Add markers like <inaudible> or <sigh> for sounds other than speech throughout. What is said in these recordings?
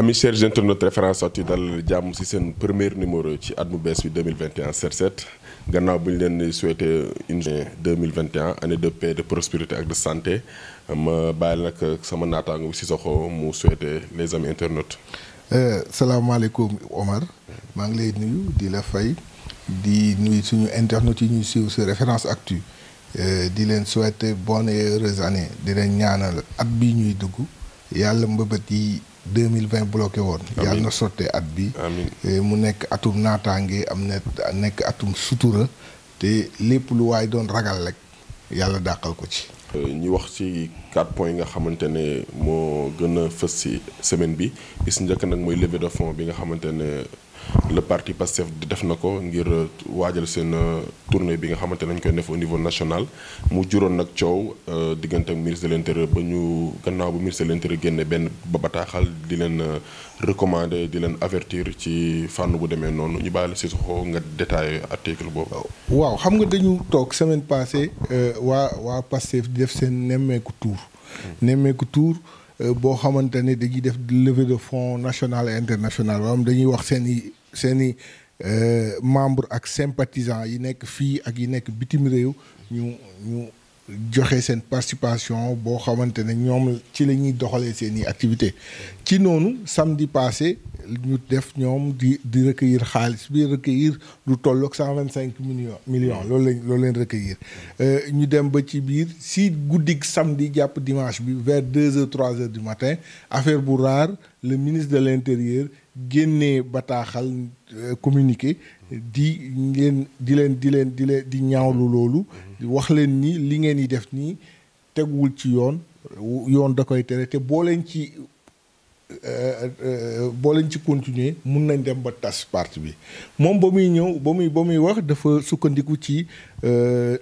ami chers internautes référence at yi dalal jàmm ci seen premier numéro ci at mu bees bi 2021 set set gannaaw bu ñu leen souhaité une année 2021 année de paix de prospérité ak de santé ma bàyyi nag sama naataango bi Sissoko mu souhaité les amis internautes. Euh, salaamaaleykum Omar maa ngi lay nuyu di la fay di nuyu suñu internautes yi ñuy suivre sur référence actu euh, di leen souhaité bonne et heureuse année di leen ñaanal at bi ñuy dugg yàlla mbëbët yi. deux mille vingt bloqué woon. yàlla na sottee at bi eh, mu nekk atum naataange am na nekk atum sutura te lépp lu waay doon ragal rek yàlla dàqal ko ci. Euh, ñu wax ci quatre points yi nga xamante ne moo gën a fës ci semaine bi gis njëkk nag mooy levée de fonds bi nga xamante ne. le parti Pastef def na ko ngir euh, waajal seen euh, tournée bi nga xamante nañ koy def au niveau national mu juróon nag coow euh, diggante ak ministre de l'intérieur ba ñu gannaaw bu ministre de l'intérieur génne benn ba bataaxal di leen recommander di leen avertir ci fànn bu demee noonu ñu bàyyi la si soxoo nga détaillé article boobu. waaw xam nga dañu toog semaine passée waa waa Pastef di def seen nemmeeku tour hmm. nemmeeku tour. Euh, boo xamante ne dañuy def levée de fonds national et international maanaam dañuy wax seen i seen i euh, membre ak sympathisants yi nekk fii ak yi nekk bitim réew ñu ñu joxe seen participation boo xamante ne ñoom ci la ñuy doxalee seen i activité ci noonu samedi passé ñu def ñoom di di recueillir xaalis bi recueillir lu tolloog cent vingt cinq millions millions loolu lañ loolu leen recueillir euh, ñu dem ba ci biir si guddig samedi jàpp dimanche bi vers deux trois heures du matin affaire bu raar la ministre de l'intérieur génnee bataaxal euh, communiqué di leen di leen di leen di leen di ñaawlu loolu wax leen ni li ngeen di def nii teguwul ci yoon yoon da koy tere te boo leen ci Euh, euh, boo leen ci continuer mun nañ dem ba tas parti bi moom ba muy ñëw ba muy ba muy wax dafa sukkandiku ci euh,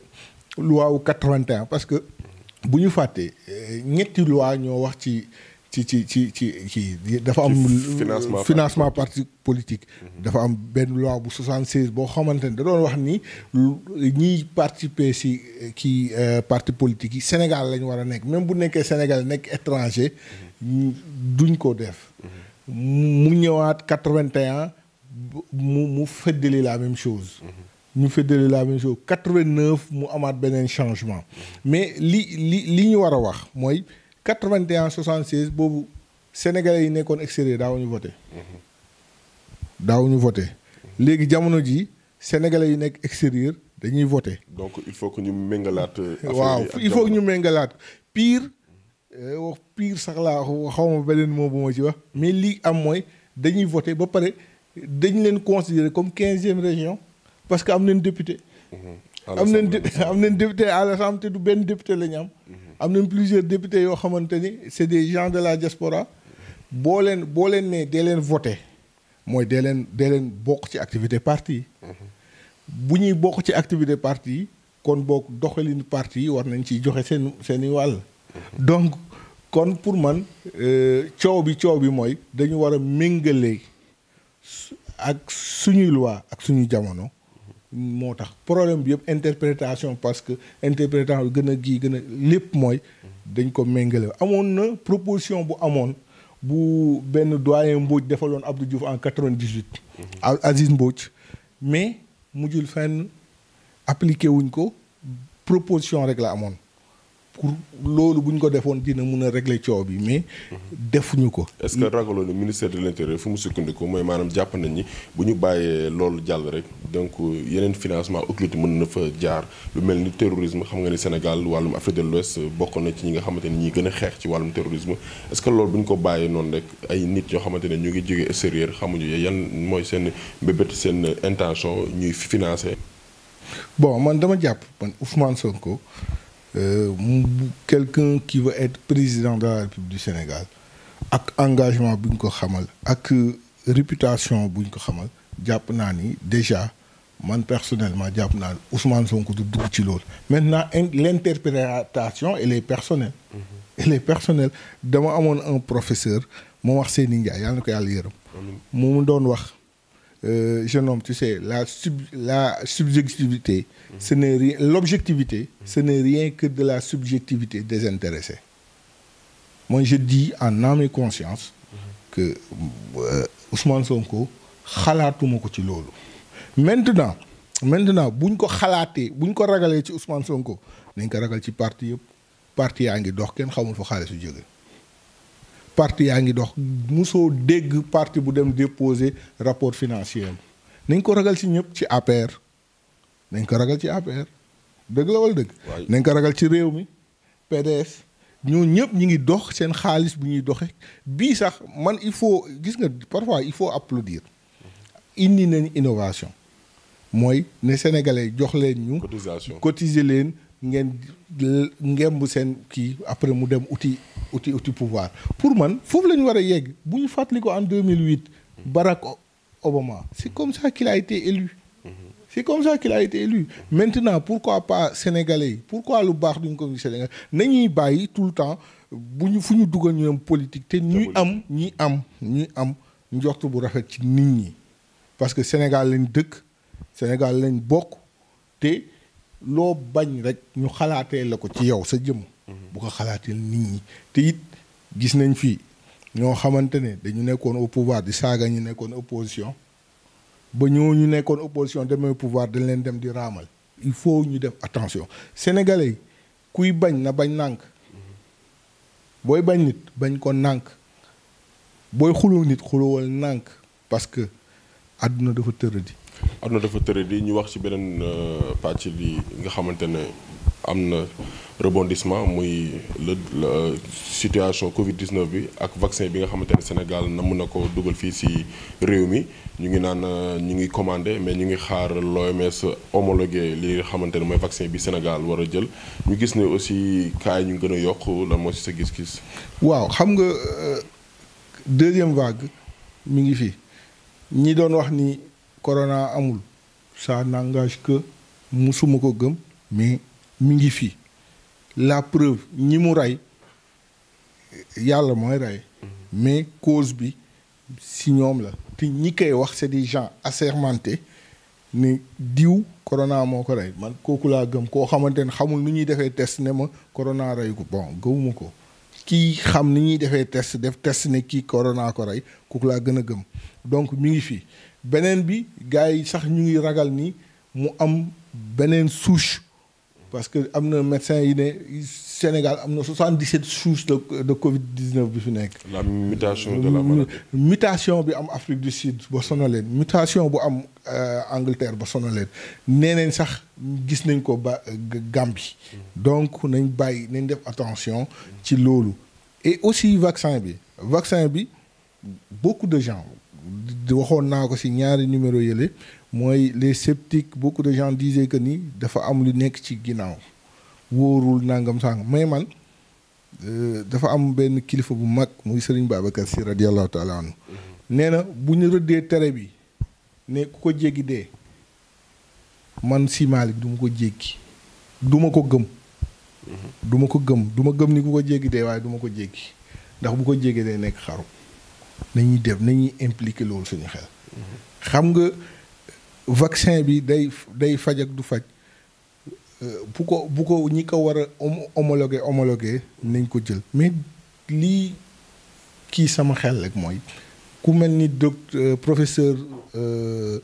loi wu 81 parce que bu ñu fàttee ñetti loi ñoo wax ci ci ci ci ci ci dafa am. financement parti politique. Mhm. dafa am benn loi bu 76 boo xamante ni da doon wax ni ñiy participer si kii euh, parti politique yi Sénégal lañu war a nekk même bu nekkee Sénégal nekk étranger. duñ ko def. Mhm. mu ñëwaat 81 mu mu feddali la même chose. mu mhm. feddali la même chose mu amaat beneen changement. mais li li li ñu war a wax mooy. 81 76 boobu sénégalais yi nekkoon extérieur daawuñu voté. daawuñu voté léegi jamono ji sénégalais yi nekk extérieur dañuy voté. donc il faut que ñu méngalaat. waaw il faut que méngalaat pire. Euh, wax pire sax laa xaw ma beneen moo bu ma ci wax. mais lii am mooy dañuy voté ba pare dañ leen considérer comme quinzième région parce que am nañ député. Mhm. am nañ <laughs> am nañ député à l'Assemblée te du benn député la ñu am. Mhm. am nañ plusieurs députés yoo xamante ni c'est des gens de la diaspora boo leen boo leen ne dee leen voté mooy dee leen bokk ci activité parti bu ñuy bokk ci activité parti kon bokk doxalin parti war nañ ciy joxe seen seen i wàll donc kon pour man euh, coow bi coow bi mooy dañu war a méngale ak suñuy loi ak suñu jamono moo tax problème bi yëpp interprétation parce que interprétation bi gën a gii gën a lépp mooy dañ ko méngale amoon na proposition bu amoon bu benn doyen Mbodj defaloon Abdou Diouf en 98. Mhm. Aziz Mbodj mais mu mujjul fenn appliqué wuñ ko proposition rek la amoon pour loolu buñ ko defoon dina mun a régler coow bi mais. defuñu ko. est-ce que ne ministère de l'intérieur fu mu sukkandiku mooy maanaam jàpp nañ ni bu ñu bàyyee loolu jàll rek donc yeneen financement occulte mën na fa jaar lu mel ni terrorisme xam nga ni Sénégal wàllum Afrique de l'Ouest bokkoon na ci ñi nga xamante ni ñi gën a xeex ci wàllum terrorisme est-ce que loolu ko bàyyee noonu rek ay nit yoo xamante ne ñu ngi jógee extérieur xamuñu yan mooy seen mbébét seen intention ñuy financer. bon man dama jàpp man Ousmane ko euh, quelqu'un qui veut être président de la République du Sénégal ak engagement bu ko xamal ak euh, réputation bu ñu ko xamal jàpp naa ni déjà man personnellement jàpp naa ni Ousmane Sonko du dugg ci loolu maintenant l'interprétation et est personnelle mm-hmm. et est personnelle dama amoon un professeur moom wax Seyni Ndiaye yàlla na ko yàlla yërëm mu doon wax euh, jeune homme, tu sais, la, sub, la subjectivité, mmh. ce n'est rien, l'objectivité, mmh. ce mhm. rien que de la subjectivité désintéressée. Moi, je dis en âme et conscience mhm. que euh, Sonko, xalaatuma ko ci loolu. maintenant maintenant buñ ko xalaatee buñ ko ragalee ci Ousmane Sonko nañ ko ragal ci parti yëpp parti yaa ngi dox kenn xamul fa xaalis su jóge parti yaa ngi dox musoo dégg parti bu dem déposer rapport financier nañ ko ragal si ñëpp ci APR nañ ko ragal ci APR dëgg la wala dëgg nañ ko ragal ci réew mi PDS ñoo ñëpp ñi ngi dox seen xaalis bu ñuy doxee bii sax man il faut gis nga parfois il faut applaudir indi nañu innovation mooy ne sénégalais jox leen ñu cotiser leen ngeen ngemb seen kii après mu dem uti uti uti pouvoir pour man foofu lañu war a yegg bu ñu fàttali ko en 2008 Barack Obama c'est comme ça qu'il a été élu c'est comme ça qu'il a été élu maintenant pourquoi pas sénégalais yi pourquoi lu baax duñ ko sénégalais nañuy bàyyi tout le temps bu ñu fu ñu dugal ñu dem politique te ñuy am ñuy am ñuy am njort bu rafet ci nit ñi parce que Sénégal lañ dëkk Sénégal lañ bokk te loo bañ rek ñu xalaatee la ko ci yow sa jëm mhm. bu ko xalaatee nit ñi te it gis nañ fii ñoo xamante ne dañu nekkoon au pouvoir di saaga ñu nekkoon opposition ba ñu nekkoon opposition demee pouvoir dañ leen dem di raamal il faut ñu def attention sénégalais kuy bañ na bañ nànk booy bañ nit bañ ko nànk booy xuloo nit xulowal nànk parce que àdduna dafa tëradi na defa tëre di ñu wax ci beneen euh, pàcc li nga xamante ne am na rebondissement muy le situation Covid 19 bi ak vaccin bi nga xamante ne Sénégal na mun na ko dugal fii ci réew mi ñu ngi naan euh, ñu ngi commandé mais ñu ngi xaar l'OMS homologué li nga xamante ne mooy vaccin bi Sénégal war a jël ñu gis ne aussi cas yi ñu gën a yokk lan moo ci sa gis-gis. waaw xam nga euh, deuxième vague mi ngi fii ñi doon wax nii corona amul ça n'engage que musuma ko gëm mais mi ngi fi la preuve ñi mu rey yàlla mooy rey mhm. mais cause bi si ñoom la te ñi koy wax c'est des gens assermentés ni diw corona moo ko rey man kooku laa gëm koo xamante ne xamul nu ñuy defee test ne ma corona rey ko bon gëwuma ko kii xam ni ñuy defee test def test ne kii corona ko rey kooku laa gën a gëm donc mi ngi fi. beneen bi gars yi sax ñu ngi ragal nii mu am beneen souche parce que am na médecin yi ne Sénégal am na 77 souches de de Covid 19 bi fi nekk. la mutation de la maladie. mutation bi am Afrique du Sud ba sonal leen mutation bu am euh, Angleterre ba sonal neeneen sax gis nañ ko ba euh, Gambie. donc nañ bàyyi nañ def attention ci loolu. et aussi vaccin bi. vaccin bi beaucoup de gens. waxoon naa ko si ñaari numéro yële mooy les sceptiques beaucoup de gens disaient que nii dafa am lu nekk ci ginnaaw wóorul nangam sànk mais man euh, dafa am benn kilifa bu mag muy Serigne Babacar si radiallahu taala anhu nee na bu ñu rëddee tere bi ne ku ko jéggi dee man Si Malick du ko jéggi duma ko gëm mhm. duma ko gëm du ma gëm ni ku ko jéggi dee waaye du ma ko jéggi ndax bu ko jéggee day nekk xaru nañuy def nañuy impliqué loolu suñu xel. xam nga vaccin bi day day faj ak du faj euh, bu ko bu ko ñi ko war a homologué homologué nañ ko jël mais lii kii sama xel rek mooy ku mel ni docteur euh, professeur euh,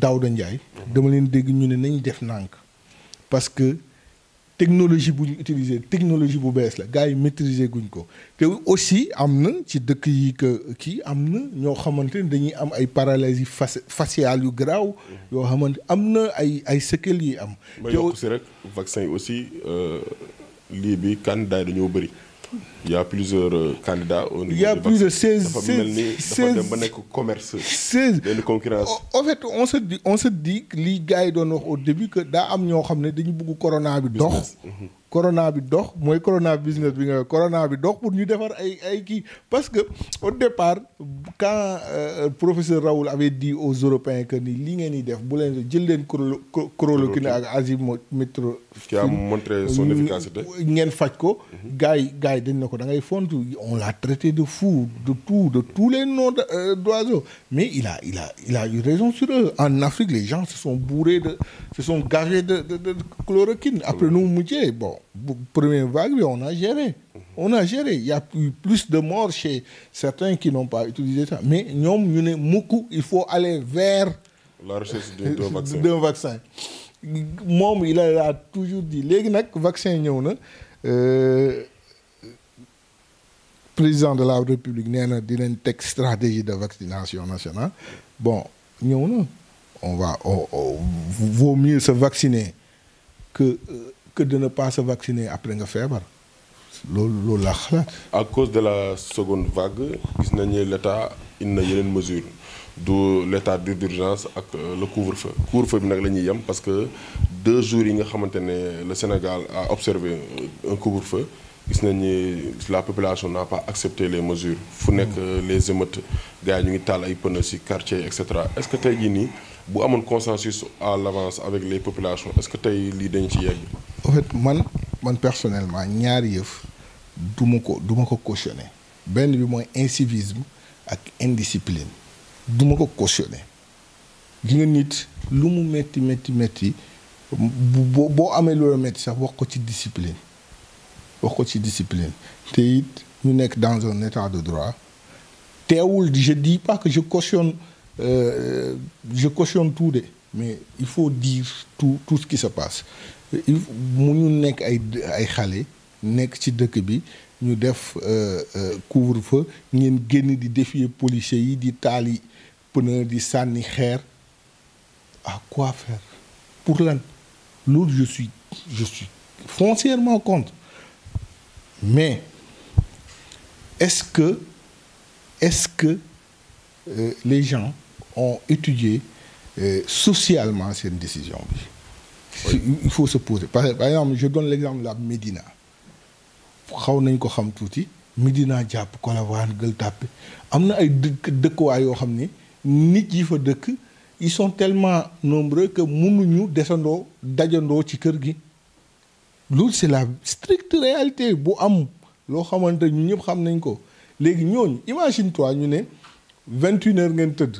Daouda Ndiaye. dama leen dégg ñu ne nañ def ndànk parce technologie bu ñu utiliser technologie bu bees la gars yi maîtriser guñ ko te aussi am na ci dëkk yi que kii am na ñoo xamante ne dañuy am ay paralysie faciale yu garaaw. yoo xamante am na ay ay séquelles yi am. te aussi rek vaccin yi aussi euh, lii bi candidat yi dañoo bëri. il y a plusieurs euh, candidats au niveau. il y a plus de seize seize nekk commerce. seize benn concurrence. en fait on se dit on se dit li gars yi doon wax au début que daa am ñoo xam ne dañu bëgg corona bi dox. corona bi dox mooy corona business bi nga corona bi dox pour ñu defar ay ay kii parce que au départ quand euh, professeur Raoul avait dit aux Européens que ni li ngeen di def bu leen jël leen chloroquine ak azithromycine qui a montre son efficacité ngeen faj ko mhm. gars yi gars yi dañ na ko da ngay fontu on l'a traité de fou de tout de tous les noms euh, d'oiseaux mais il a il a il a eu en Afrique les gens se sont bourrés de se sont gavés de de de chloroquine après nous bu première vague bi on a géré. on a y a plus de morts chez certains qui n'ont pas utilisé ça mais ñoom ñu ne mukk il faut aller vers. la recherche d'un <laughs> vaccin d'un vaccin. moom il a toujours dit léegi nag vaccin ñëw na euh, président de la république nee na dinañ teg stratégie de vaccination nationale bon ñëw na on va on, vaut mieux se vacciner euh, que de ne pas se vacciner après nga feebar loolu loolu laa xalaat. à cause de la seconde vague gis nañu l' indi na yeneen mesure du l' du d' ak euh, le couvre-feu. couvre-feu bi nag la ñuy yem parce que deux jours yi nga xamante ne le Sénégal a observé euh, un couvre-feu gis nañu la population n'a pas accepté les mesures. fu nekk euh, les émeutes gars yi ñu ngi taal ay pneu ci quartier et est ce que tey jii nii bu amoon consensus en l' avec les populations est ce que tey lii dañ ci yegg. en fait man man personnellement ñaari yëf du ma ko du ma ko cautionné benn bi mooy incivisme ak indiscipline duma ko cautionné gi nga nit lu mu métti métti métti boo boo amee loola métti sax wax ko ci discipline wax ko ci discipline te it ñu nekk dans un état de droit teewul je di pas que je cautionne euh, euh, je cautionne tout de mais il faut dire tout tout ce qui se passe mu ñu nekk ay ay xale nekk ci dëkk bi ñu def euh, euh, couvre-feu ngeen génn di défier policiers yi di taali pneu di sànni xeer à quoi faire pour lan loolu je suis je suis foncièrement contre mais est-ce que est-ce que euh, les gens ont étudié euh, socialement cette décision bi il faut se poser par exemple je donne l'exemple la Médina xaw nañ ko xam tuuti Médina jàpp Colobane Gueule Tapée am na ay dëkk dëkkuwaay yoo xam ni nit yi fa dëkk il sont tellement nombreux que mënuñu desandoo dajandoo ci kër gi loolu c'est la stricte réalité bu am loo xamante ñu ñëpp xam nañ ko léegi ñooñu imagine toi ñu ne vingt une ngeen tëdd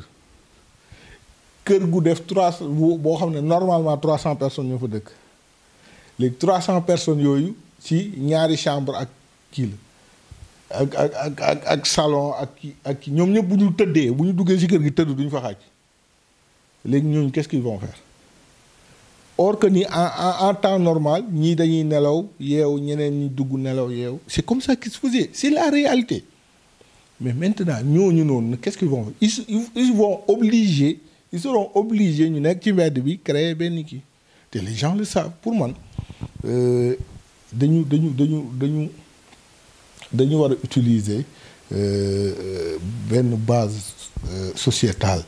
kër gu def trois boo xam ne normalement trois cent personnes ñoo fa dëkk léegi trois cent personnes yooyu si ñaari chambre ak kii la ak ak ak ak ak salon ak ak ñoom ñëpp bu ñu tëddee bu ñu duggee si kër gi tëdd duñu fa xaaj léegi ñooñu qu'est-ce qu'ils faire or que ni en en temps normal ñii dañuy nelaw yeew ñeneen ñu dugg nelaw yeew c'est comme ça qu'il se faisait c'est la réalité mais maintenant ñooñu noonu qu'est-ce qu'ils vont faire ils ils vont obliger ils seront obligés ñu nekk ci mbedd bi créer benn kii te les gens pour man euh, dañu dañu dañu dañu dañu war a utiliser euh, benn base euh, sociétale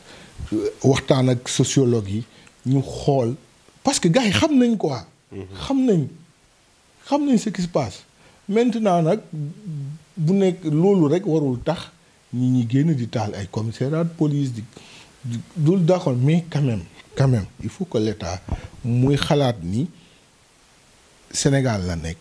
waxtaan ak sociologue yi ñu xool parce que gars yi xam nañ quoi. Mhm. xam nañ xam nañ ce qui se passe maintenant nag bu nekk loolu rek warul tax ñi ñi génn di taal ay commissariat de police di. dul d'accord mais quand même quand même il faut que l'État muy xalaat ni Sénégal la nekk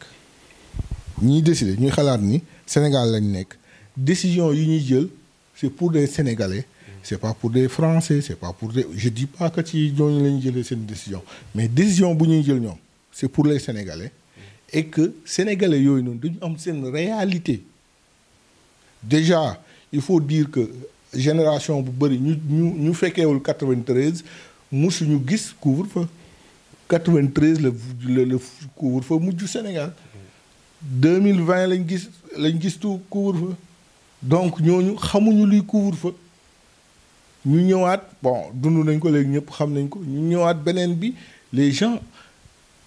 ñiy décider ñuy xalaat ni Sénégal lañ nekk décision yi ñuy jël c'est pour de Sénégalais c'est pas pour de Français c'est pas pour de je dis pas que ci ñooñu la ñu seen décision mais décision bu ñuy jël ñoom c'est pour le Sénégalais et que Sénégalais yooyu noonu dañu am seen réalité déjà il faut dire que génération bu bëri ñu ñu ñu fekkeewul 93 musuñu gis couvre-feu 93 la la la couvre-feu mujj Sénégal 2020 lañ gis lañ gis tu couvre-feu donc ñooñu xamuñu luy couvre-feu ñu ñëwaat bon dund nañ ko léegi ñëpp xam nañ ko ñu ñëwaat beneen bi les gens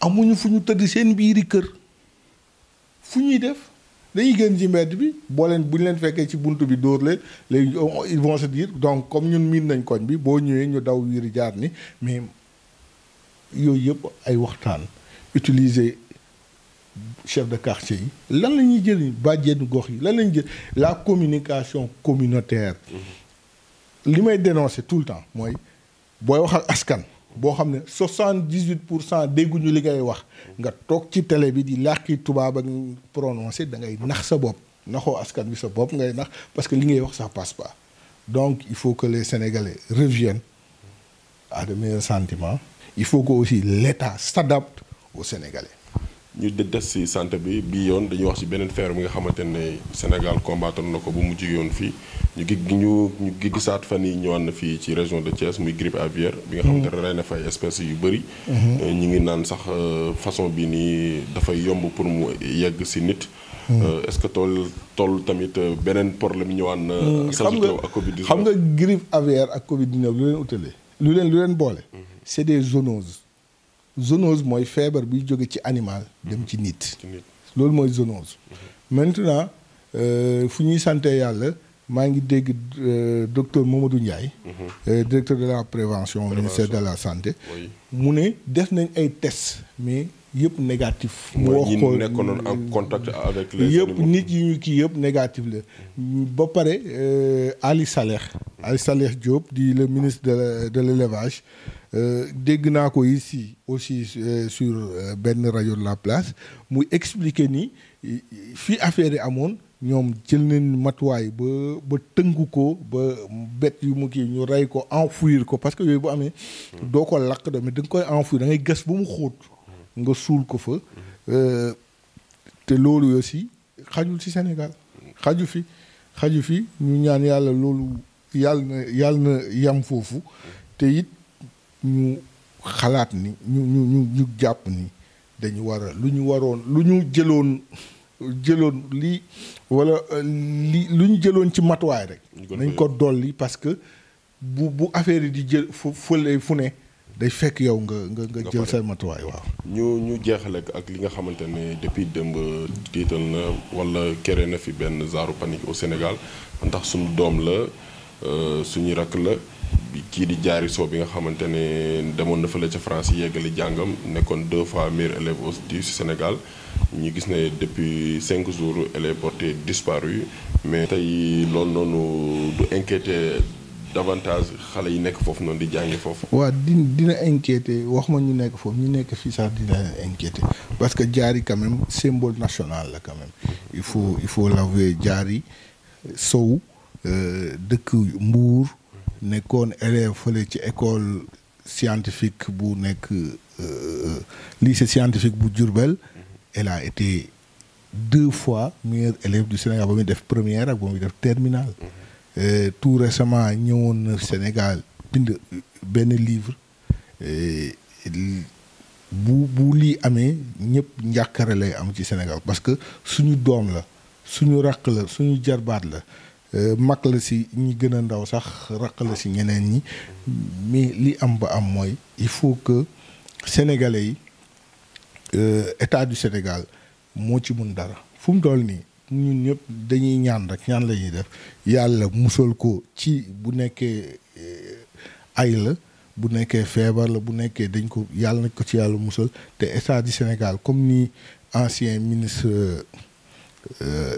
amuñu fu ñu tëdd seen biiri kër fu ñuy def. dañuy génn ci mbedd bi boo leen bu ñu leen fekkee ci bunt bi dóor leen léegi oh, oh, ils vont se dire donc comme ñun miin nañ koñ bi boo ñëwee ñu daw wiiri jaar ni mais yooyu yëpp ay waxtaan utiliser chef de quartier yi lan la ñuy jëriñ bàjjeenu gox yi lan la ñuy jël la communication communautaire mm-hmm. li may dénoncer tout le temps mooy booy waxal askan boo xam ne soixante dix huit pour cent dégguñu li ngay wax nga toog ci télé bi di làkki tubaab ak prononcé da ngay nax sa bopp naxoo askan bi sa bopp ngay nax parce que li ngay wax sax passe pas donc il faut que les sénégalais reviennent à de meilleurs il faut que aussi l'État s'adapte aux sénégalais ñu des si santé bi bii yoon dañuy wax ci beneen feer bi nga xamante ne Sénégal combattre na ko bu mu jógewoon fii ñu gi ñu ñu gisaat fan yi ñëwaat na fii ci région de Thiès muy grippe aviaire bi nga xamante ne rey na fay espèces yu bëri mhm. ñu ngi naan sax euh, façon bi nii dafay yomb pour mu yegg si nit mhm. euh, est-ce que tool tool tamit euh, beneen problème ñëwaat na hmm, s'ajouté ak Covid 19 xam nga grippe aviaire ak Covid 19 lu leen utalee lu leen lu leen boole mhm. c'est des zoonoses zoonose mooy feebar bi jóge ci animal dem ci nit loolu mooy zoonose mhm. maintenant euh, fu ñuy sante yàlla maa ngi dégg euh, docteur Mamadou Ndiaye mhm. euh, directeur de la prévention ministère de la santé mu ne def nañ ay test mais yëpp négatif mu wax ko nekkoon en contact yëpp nit yi ñu kii yëpp négatif la ba pare Ali Saleh Ali Saleh Diop di le ministre de de l'élevage Euh, dégg naa ko ici aussi euh, sur euh, benn rajo de la place mu expliquer ni fii affaire yi amoon ñoom jël nañ matuwaay ba ba tëngu ko ba bett yu mu kii ñu rey ko enfouir ko parce que yooyu bu amee. doo ko lakk mais da nga koy enfouir da ngay gas ba mu xóot. nga suul ko fa. te loolu aussi xajul ci Sénégal. xaju fi xaju fi ñu ñaan yàlla loolu yàlla na yàlla na yam foofu te it. ñu xalaat ni ñu ñu jàpp ni dañu war lu ñu waroon lu ñu jëloon jëloon lii wala euh, li lu ñu jëloon ci matuwaay rek nañ ko dolli parce que bu bu affaire yi di jël fu fële fu ne day fekk yow nga nga jël say matuwaay waaw ñu ñu jeexale ak li nga xamante ne depuis démb tiital na wala kere na fi benn zaaru panique au Sénégal ndax suñu doom la euh, suñu rakk la kii di jaari soo bi nga xamante ne demoon na fële ca France yeggali jàngam nekkoon deux fois meilleur élève aussi du Sénégal ñu gis ne depuis cinq jours elle est portée disparue mais tey loolu noonu du inquiété davantage xale yi nekk foofu noonu di jàngi foofu. waaw dina inquiété wax ma ñu nekk foofu ñu nekk fii sax dina inquiété parce que jaari quand même symbole national la quand il faut il faut l'avouer jaari sow euh, dëkk mbuur nekkoon élève fële ci école scientifique bu nekk euh, lycée scientifique bu jurbel mhm. elle a été deux fois meilleure élève du Sénégal ba muy def première ak ba muy def terminale mhm. euh, tout récemment ñëwoon na Sénégal bind benn livre euh, bu bu lii amee ñëpp njàkkare lay am ci Sénégal parce que suñu doom la suñu raq la suñu jarbaat la Euh, mag la si ñi gën a ndaw sax raq la si ñeneen ñi mi li am ba am mooy il faut que sénégalais yi euh, état du Sénégal moo ci mun dara fu mu toll nii ñun ñëpp dañuy ñaan rek ñaan la ñuy def yàlla musal ko ci bu nekkee euh, ay la bu nekkee feebar la bu nekkee dañ ko yàlla nañ ko ci yàlla musal te état du Sénégal comme ni ancien ministre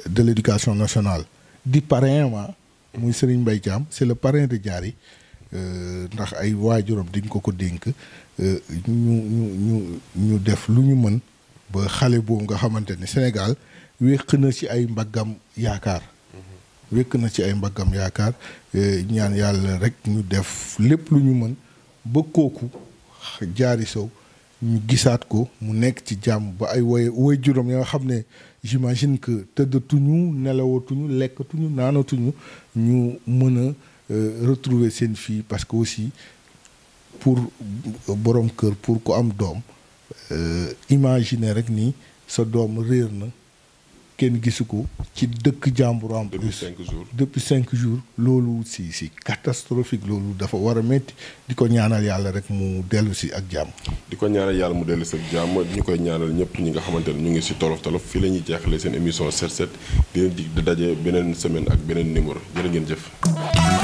de l'éducation nationale di parrain ma muy Serigne Mbaye Thiam c'est le parrain jaari Diary euh, ndax ay waajuram diñ ko ko dénk euh, ñu ñu def lu ñu mën ba xale boobu nga xamante ni Sénégal wéq na ci ay mbaggam yaakaar wékk na ci ay mbaggam yaakaar mm-hmm. euh, ñaan yàlla rek ñu def lépp lu ñu mën ba kooku Diary Sow ñu gisaat ko mu nekk ci jàmm ba ay woy woy juróom ya nga xam ne j'imagine que tëddatuñu nelawatuñu lekkatuñu naanatuñu ñu mën a euh, retrouver seen fii parce que aussi pour borom kër pour ku am doom euh, imaginer rek nii sa doom réer na kenn gisu ko ci dëkk jàmbur en plus jours depuis cinq jours loolu si si catastrophique loolu dafa war a métti di ko ñaanal yàlla rek mu dellu si ak jàmm di ko ñaanal yàlla mu dellu si ak jàmm ñu koy ñaanal ñëpp ñi nga xamante ne ñu ngi si tolof tolof fii la ñuy jeexale seen émission set set di leen daje beneen semaine ak beneen numéro jërë ngeen jëf